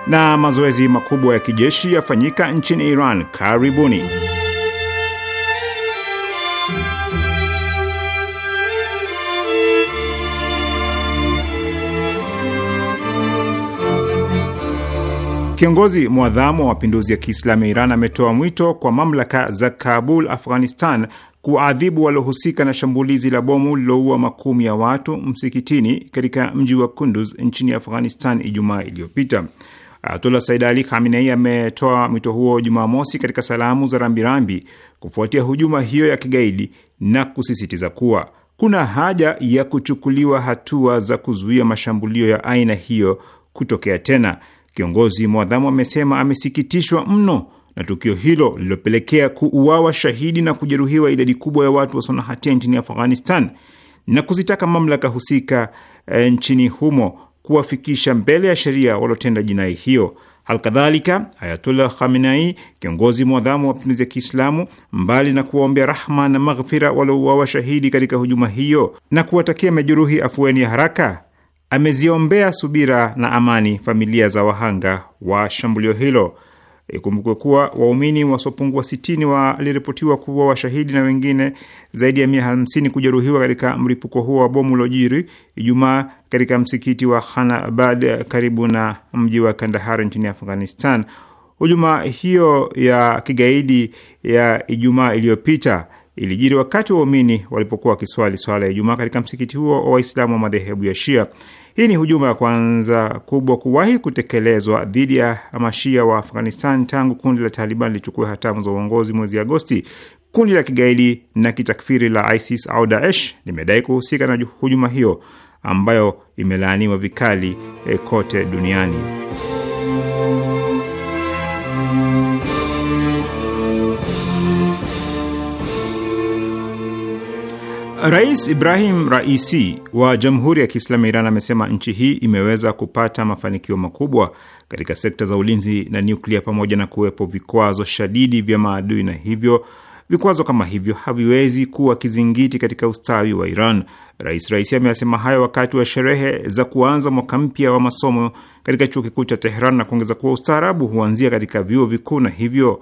na mazoezi makubwa ya kijeshi yafanyika nchini Iran karibuni. Kiongozi mwadhamu wa mapinduzi ya Kiislamu ya Iran ametoa mwito kwa mamlaka za Kabul, Afghanistan kuwaadhibu waliohusika na shambulizi la bomu lililoua makumi ya watu msikitini katika mji wa Kunduz nchini Afghanistan Ijumaa iliyopita. Ayatullah Said Ali Khamenei ametoa mwito huo Jumamosi katika salamu za rambirambi kufuatia hujuma hiyo ya kigaidi na kusisitiza kuwa kuna haja ya kuchukuliwa hatua za kuzuia mashambulio ya aina hiyo kutokea tena. Kiongozi mwadhamu amesema amesikitishwa mno na tukio hilo lililopelekea kuuawa shahidi na kujeruhiwa idadi kubwa ya watu wasio na hatia nchini Afghanistan na kuzitaka mamlaka husika e, nchini humo kuwafikisha mbele ya sheria waliotenda jinai hiyo. Alkadhalika, Ayatullah Khamenai, kiongozi mwadhamu wa mapinduzi ya Kiislamu, mbali na kuwaombea rahma na maghfira waliouawa washahidi katika hujuma hiyo na kuwatakia majeruhi afueni ya haraka, ameziombea subira na amani familia za wahanga wa shambulio hilo. Ikumbukwe kuwa waumini wasiopungua sitini waliripotiwa kuwa washahidi na wengine zaidi ya mia hamsini kujeruhiwa katika mlipuko huo wa bomu lojiri Ijumaa katika msikiti wa Abad karibu na mji wa Kandahar nchini Afghanistan. Hujuma hiyo ya kigaidi ya Ijumaa iliyopita ilijiri wakati waumini walipokuwa wakiswali swala ya Ijumaa katika msikiti huo wa Waislamu wa madhehebu ya Shia. Hii ni hujuma ya kwanza kubwa kuwahi kutekelezwa dhidi ya Amashia wa Afghanistan tangu kundi la Taliban lilichukua hatamu za uongozi mwezi Agosti. Kundi la kigaidi na kitakfiri la ISIS au Daesh limedai kuhusika na hujuma hiyo ambayo imelaaniwa vikali eh, kote duniani. Rais Ibrahim Raisi wa Jamhuri ya Kiislamu ya Iran amesema nchi hii imeweza kupata mafanikio makubwa katika sekta za ulinzi na nyuklia pamoja na kuwepo vikwazo shadidi vya maadui, na hivyo vikwazo kama hivyo haviwezi kuwa kizingiti katika ustawi wa Iran. Rais Raisi ameyasema hayo wakati wa sherehe za kuanza mwaka mpya wa masomo katika chuo kikuu cha teheran na kuongeza kuwa ustaarabu huanzia katika vyuo vikuu na hivyo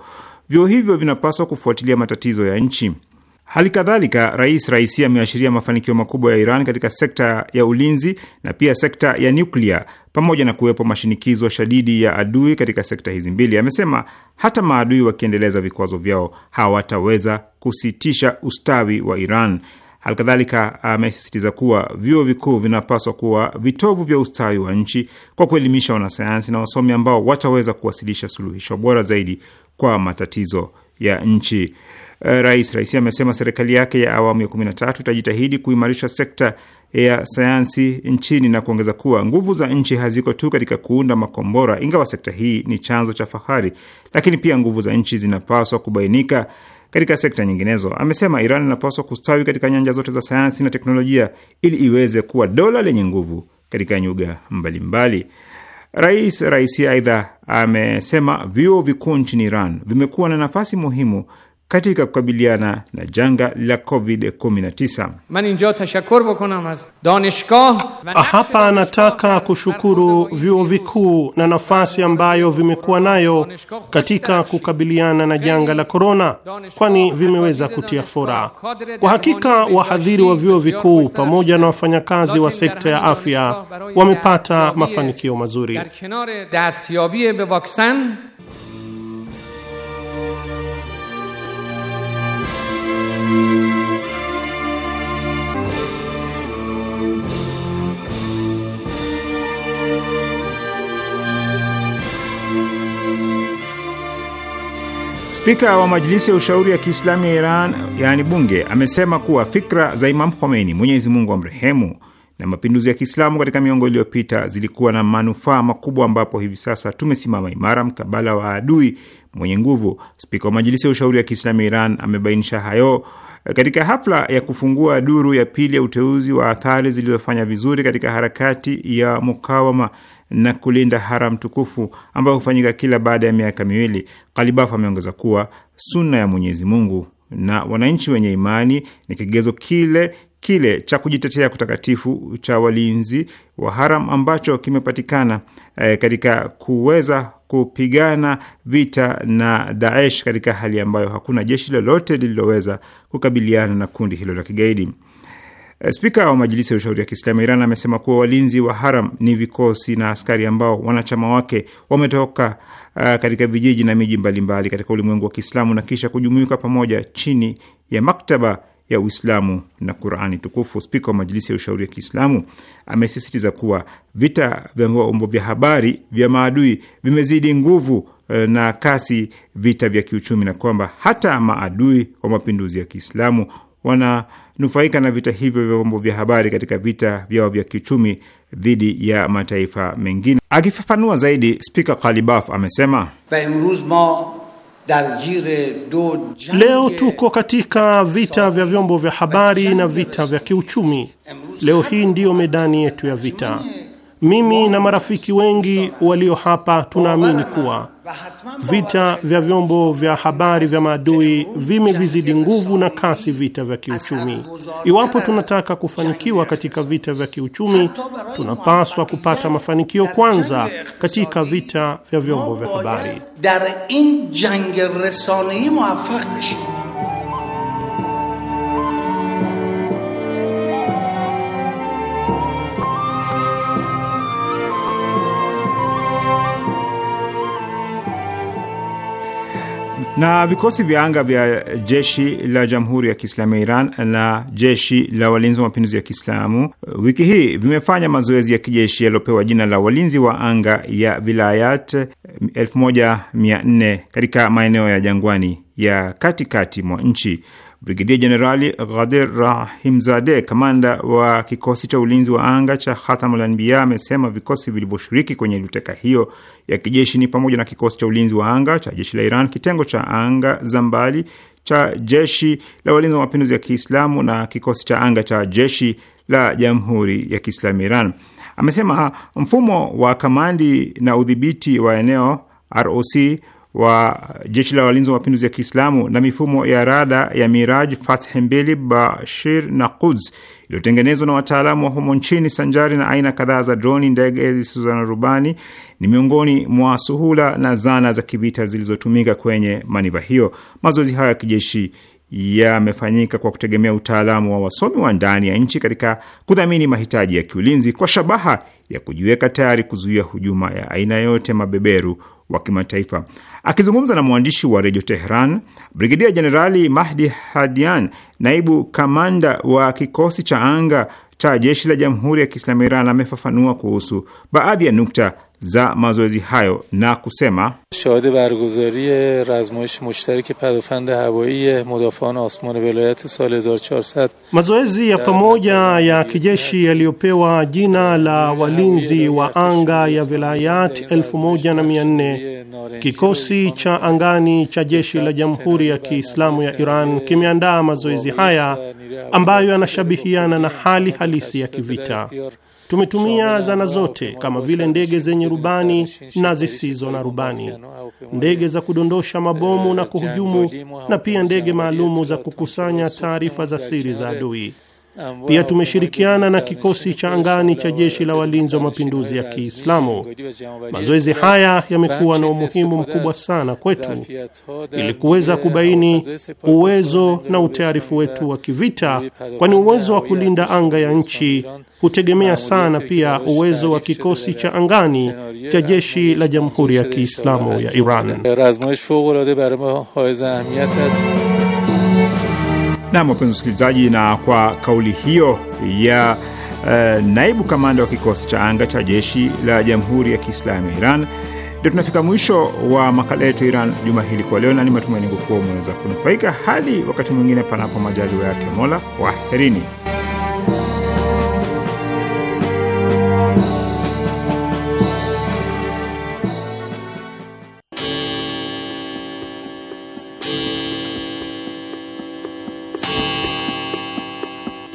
vyuo hivyo vinapaswa kufuatilia matatizo ya nchi. Hali kadhalika Rais Raisi ameashiria mafanikio makubwa ya Iran katika sekta ya ulinzi na pia sekta ya nyuklia pamoja na kuwepo mashinikizo shadidi ya adui katika sekta hizi mbili. Amesema hata maadui wakiendeleza vikwazo vyao hawataweza kusitisha ustawi wa Iran. Halikadhalika amesisitiza kuwa vyuo vikuu vinapaswa kuwa vitovu vya ustawi wa nchi kwa kuelimisha wanasayansi na wasomi ambao wataweza kuwasilisha suluhisho bora zaidi kwa matatizo ya nchi. Eh, rais. Raisi amesema serikali yake ya awamu ya 13 itajitahidi kuimarisha sekta ya sayansi nchini na kuongeza kuwa nguvu za nchi haziko tu katika kuunda makombora, ingawa sekta hii ni chanzo cha fahari, lakini pia nguvu za nchi zinapaswa kubainika katika sekta nyinginezo. Amesema Iran inapaswa kustawi katika nyanja zote za sayansi na teknolojia ili iweze kuwa dola lenye nguvu katika nyuga mbalimbali. Rais Raisi aidha amesema vyuo vikuu nchini Iran vimekuwa na nafasi muhimu katika kukabiliana na janga la COVID-19. Ah, hapa anataka kushukuru vyuo vikuu na nafasi ambayo vimekuwa nayo katika kukabiliana na janga la korona, kwani vimeweza kutia fora. Kwa hakika, wahadhiri wa vyuo vikuu pamoja na wafanyakazi wa sekta ya afya wamepata mafanikio mazuri. Spika wa Majilisi ya Ushauri ya Kiislamu ya Iran, yaani bunge, amesema kuwa fikra za Imam Khomeini, Mwenyezi Mungu amrehemu, na mapinduzi ya Kiislamu katika miongo iliyopita zilikuwa na manufaa makubwa, ambapo hivi sasa tumesimama imara mkabala wa adui mwenye nguvu. Spika wa Majilisi ya Ushauri ya Kiislamu ya Iran amebainisha hayo katika hafla ya kufungua duru ya pili ya uteuzi wa athari zilizofanya vizuri katika harakati ya mukawama na kulinda haram tukufu ambayo hufanyika kila baada ya miaka miwili. Kalibaf ameongeza kuwa sunna ya Mwenyezi Mungu na wananchi wenye imani ni kigezo kile kile cha kujitetea kutakatifu cha walinzi wa haram ambacho kimepatikana e, katika kuweza kupigana vita na Daesh katika hali ambayo hakuna jeshi lolote lililoweza kukabiliana na kundi hilo la kigaidi. Eh, spika wa Majilisi ya Ushauri ya Kiislamu Iran amesema kuwa walinzi wa haram ni vikosi na askari ambao wanachama wake wametoka uh, katika vijiji na miji mbalimbali katika ulimwengu wa Kiislamu na kisha kujumuika pamoja chini ya maktaba ya Uislamu na Qurani tukufu. Spika wa Majilisi ya Ushauri ya Kiislamu amesisitiza kuwa vita vya vyombo vya habari vya maadui vimezidi nguvu eh, na kasi vita vya kiuchumi na kwamba hata maadui wa mapinduzi ya Kiislamu wana kunufaika na vita hivyo vya vyombo vya habari katika vita vyao vya kiuchumi dhidi ya mataifa mengine. Akifafanua zaidi, spika Kalibaf amesema Leo tuko katika vita vya vyombo vya habari na vita vya kiuchumi. Leo hii ndiyo medani yetu ya vita. Mimi na marafiki wengi walio hapa tunaamini kuwa vita vya vyombo vya habari vya maadui vimevizidi nguvu na kasi vita vya kiuchumi. Iwapo tunataka kufanikiwa katika vita vya kiuchumi, tunapaswa kupata mafanikio kwanza katika vita vya vyombo vya habari. Na vikosi vya anga vya jeshi la Jamhuri ya Kiislamu ya Iran na jeshi la walinzi wa mapinduzi ya Kiislamu uh, wiki hii vimefanya mazoezi ya kijeshi yaliyopewa jina la walinzi wa anga ya Vilayat 1400 uh, katika maeneo ya jangwani ya katikati mwa nchi. Brigedia Jenerali Ghadir rahimzade kamanda wa kikosi cha ulinzi wa anga cha Khatamul Anbiya, amesema vikosi vilivyoshiriki kwenye luteka hiyo ya kijeshi ni pamoja na kikosi cha ulinzi wa anga cha jeshi la Iran, kitengo cha anga za mbali cha jeshi la walinzi wa mapinduzi ya Kiislamu na kikosi cha anga cha jeshi la Jamhuri ya Kiislamu Iran. Amesema mfumo wa kamandi na udhibiti wa eneo ROC wa jeshi la walinzi wa mapinduzi ya Kiislamu na mifumo ya rada ya Miraj, Fath mbili, Bashir na Quds iliyotengenezwa na wataalamu wa humo nchini, sanjari na aina kadhaa za droni, ndege zisizo na rubani, ni miongoni mwa suhula na zana za kivita zilizotumika kwenye maniva hiyo. Mazoezi hayo ya kijeshi yamefanyika kwa kutegemea utaalamu wa wasomi wa ndani ya nchi katika kudhamini mahitaji ya kiulinzi kwa shabaha ya kujiweka tayari kuzuia hujuma ya aina yote mabeberu wa kimataifa. Akizungumza na mwandishi wa redio Teheran, Brigedia Jenerali Mahdi Hadian, naibu kamanda wa kikosi cha anga cha jeshi la jamhuri ya Kiislamu Iran, amefafanua kuhusu baadhi ya nukta za mazoezi hayo na kusema shahade bargozari razmoish mushtariki padofand havai mudafaan asman velayat sal 1400 mazoezi ya pamoja ya kijeshi yaliyopewa jina la walinzi wa anga ya velayat 1400 kikosi cha angani cha jeshi la jamhuri ya Kiislamu ya Iran kimeandaa mazoezi haya ambayo yanashabihiana na hali halisi ya kivita Tumetumia zana zote kama vile ndege zenye rubani na zisizo na rubani, ndege za kudondosha mabomu na kuhujumu, na pia ndege maalumu za kukusanya taarifa za siri za adui. Pia tumeshirikiana na kikosi cha angani cha jeshi la walinzi wa mapinduzi ya Kiislamu. Mazoezi haya yamekuwa na umuhimu mkubwa sana kwetu ili kuweza kubaini uwezo na utayarifu wetu wa kivita, kwani uwezo wa kulinda anga ya nchi hutegemea sana pia uwezo wa kikosi cha angani cha jeshi la Jamhuri ya Kiislamu ya Iran. Nam, wapenzi msikilizaji, na kwa kauli hiyo ya uh, naibu kamanda wa kikosi cha anga cha jeshi la Jamhuri ya Kiislamu ya Iran ndio tunafika mwisho wa makala yetu Iran juma hili kwa leo, na ni matumaini kuwa umeweza kunufaika. Hadi wakati mwingine, panapo majaliwa yake Mola, herini.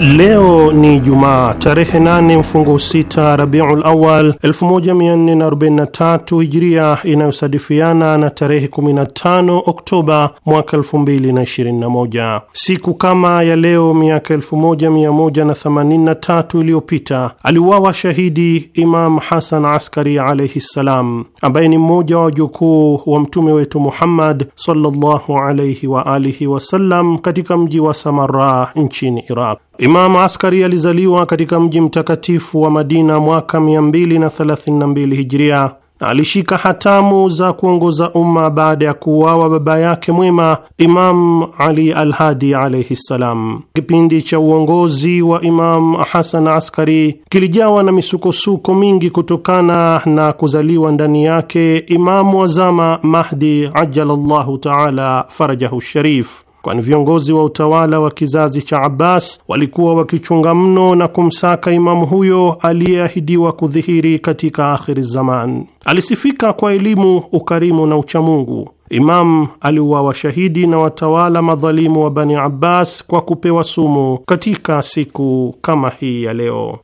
Leo ni Jumaa tarehe 8 mfungo 6 Rabiul Awal 1443 Hijria, inayosadifiana na tarehe 15 Oktoba mwaka 2021. Siku kama ya leo miaka 1183 iliyopita aliuawa shahidi Imam Hasan Askari alaihi ssalam, ambaye ni mmoja wa wajukuu wa mtume wetu Muhammad sallallahu alaihi wa alihi wasallam katika mji wa Samara nchini Iraq. Imamu Askari alizaliwa katika mji mtakatifu wa Madina mwaka 232 Hijiria na alishika hatamu za kuongoza umma baada ya kuuawa baba yake mwema Imam Ali Alhadi alaihi ssalam. Kipindi cha uongozi wa Imam Hasan Askari kilijawa na misukosuko mingi kutokana na kuzaliwa ndani yake Imamu wazama Mahdi ajalallahu taala farajahu sharif kwani viongozi wa utawala wa kizazi cha Abbas walikuwa wakichunga mno na kumsaka imamu huyo aliyeahidiwa kudhihiri katika akhiri zaman. Alisifika kwa elimu, ukarimu na uchamungu. Imam aliuawa shahidi na watawala madhalimu wa Bani Abbas kwa kupewa sumu katika siku kama hii ya leo.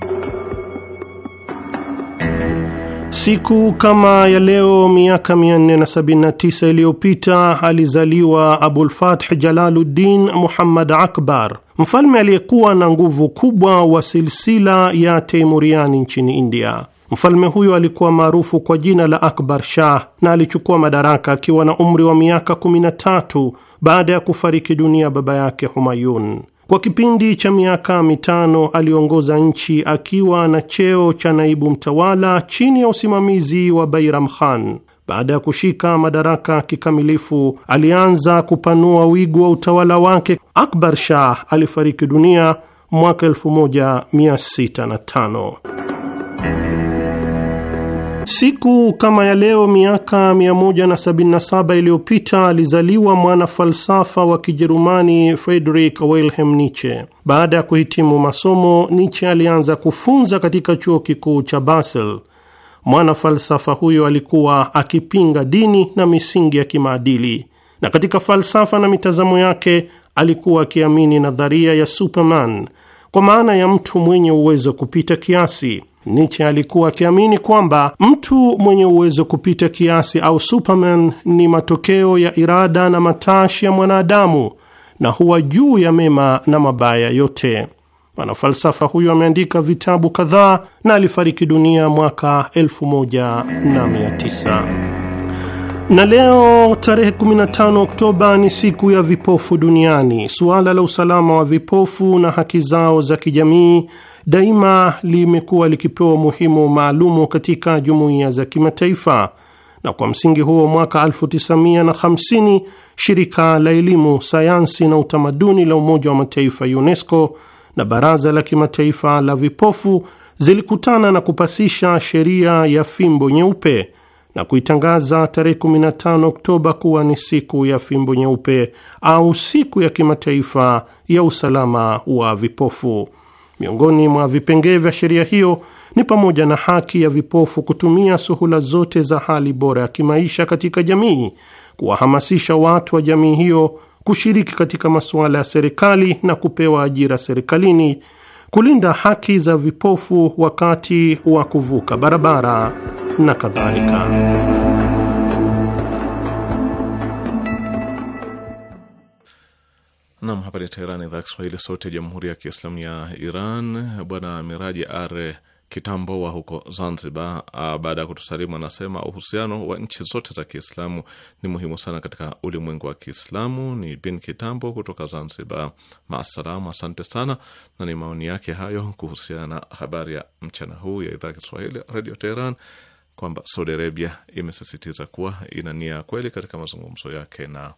Siku kama ya leo miaka 479 iliyopita alizaliwa Abulfath Jalaluddin Muhammad Akbar, mfalme aliyekuwa na nguvu kubwa wa silsila ya Teimuriani nchini India. Mfalme huyo alikuwa maarufu kwa jina la Akbar Shah na alichukua madaraka akiwa na umri wa miaka 13 baada ya kufariki dunia baba yake Humayun. Kwa kipindi cha miaka mitano aliongoza nchi akiwa na cheo cha naibu mtawala chini ya usimamizi wa Bairam Khan. Baada ya kushika madaraka kikamilifu, alianza kupanua wigo wa utawala wake. Akbar Shah alifariki dunia mwaka 1605. Siku kama ya leo miaka 177 iliyopita alizaliwa mwana falsafa wa Kijerumani Friedrich Wilhelm Nietzsche. Baada ya kuhitimu masomo, Nietzsche alianza kufunza katika chuo kikuu cha Basel. Mwana falsafa huyo alikuwa akipinga dini na misingi ya kimaadili, na katika falsafa na mitazamo yake alikuwa akiamini nadharia ya Superman, kwa maana ya mtu mwenye uwezo kupita kiasi Nietzsche alikuwa akiamini kwamba mtu mwenye uwezo kupita kiasi au Superman ni matokeo ya irada na matashi ya mwanadamu na huwa juu ya mema na mabaya yote. Mwanafalsafa huyo ameandika vitabu kadhaa na alifariki dunia mwaka 1900. Na leo tarehe 15 Oktoba ni siku ya vipofu duniani. Suala la usalama wa vipofu na haki zao za kijamii daima limekuwa likipewa umuhimu maalumu katika jumuiya za kimataifa, na kwa msingi huo mwaka 1950 shirika la elimu, sayansi na utamaduni la Umoja wa Mataifa UNESCO na Baraza la Kimataifa la Vipofu zilikutana na kupasisha sheria ya fimbo nyeupe na kuitangaza tarehe 15 Oktoba kuwa ni siku ya fimbo nyeupe au siku ya kimataifa ya usalama wa vipofu. Miongoni mwa vipengee vya sheria hiyo ni pamoja na haki ya vipofu kutumia suhula zote za hali bora ya kimaisha katika jamii, kuwahamasisha watu wa jamii hiyo kushiriki katika masuala ya serikali na kupewa ajira serikalini, kulinda haki za vipofu wakati wa kuvuka barabara na kadhalika. Nam, hapa ni Teherani, idhaa Kiswahili, sauti ya jamhuri ya kiislamu ya Iran. Bwana Miraji Are Kitamboa huko Zanzibar, ah, baada ya kutusalimu, anasema uhusiano wa nchi zote za Kiislamu ni muhimu sana katika ulimwengu wa Kiislamu. Ni bin Kitambo kutoka Zanzibar. Maasalamu, asante sana. Na ni maoni yake hayo kuhusiana na habari ya mchana huu ya idhaa Kiswahili Radio Teheran kwamba Saudi Arabia imesisitiza kuwa ina nia kweli katika mazungumzo yake na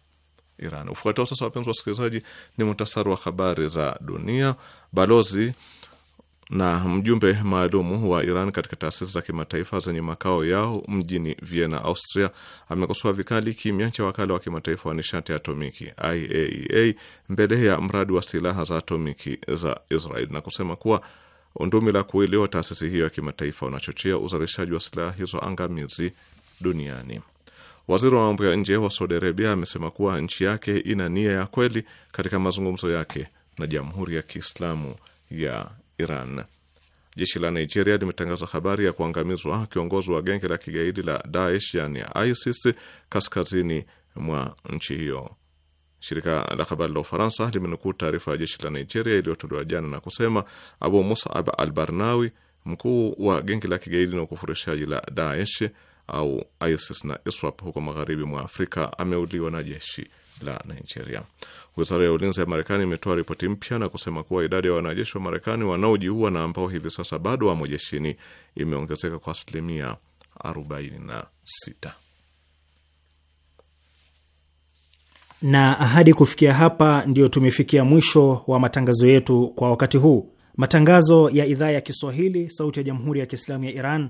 Iran. Ufuatao sasa, wapenzi wasikilizaji, ni muhtasari wa habari za dunia. Balozi na mjumbe maalum wa Iran katika taasisi za kimataifa zenye makao yao mjini Vienna, Austria, amekosoa vikali kimya cha wakala wa kimataifa wa nishati ya atomiki IAEA e, mbele ya mradi wa silaha za atomiki za Israel na kusema kuwa undumi la kuili wa taasisi hiyo ya kimataifa unachochea uzalishaji wa silaha hizo angamizi duniani. Waziri wa mambo ya nje wa Saudi Arabia amesema kuwa nchi yake ina nia ya kweli katika mazungumzo yake na Jamhuri ya Kiislamu ya Iran. Jeshi la Nigeria limetangaza habari ya kuangamizwa kiongozi wa genge la kigaidi la Daesh yani ISIS kaskazini mwa nchi hiyo. Shirika la habari la Ufaransa limenukuu taarifa ya jeshi la Nigeria iliyotolewa jana na kusema Abu Musab al Barnawi, mkuu wa genge la kigaidi na ukufurishaji la Daesh au ISIS na ISWAP huko magharibi mwa Afrika ameuliwa na jeshi la Nigeria. Wizara ya ulinzi ya Marekani imetoa ripoti mpya na kusema kuwa idadi ya wanajeshi wa Marekani wanaojiua na ambao hivi sasa bado wamo jeshini imeongezeka kwa asilimia 46. Na ahadi kufikia hapa, ndiyo tumefikia mwisho wa matangazo yetu kwa wakati huu. Matangazo ya idhaa ya Kiswahili, Sauti ya Jamhuri ya Kiislamu ya Iran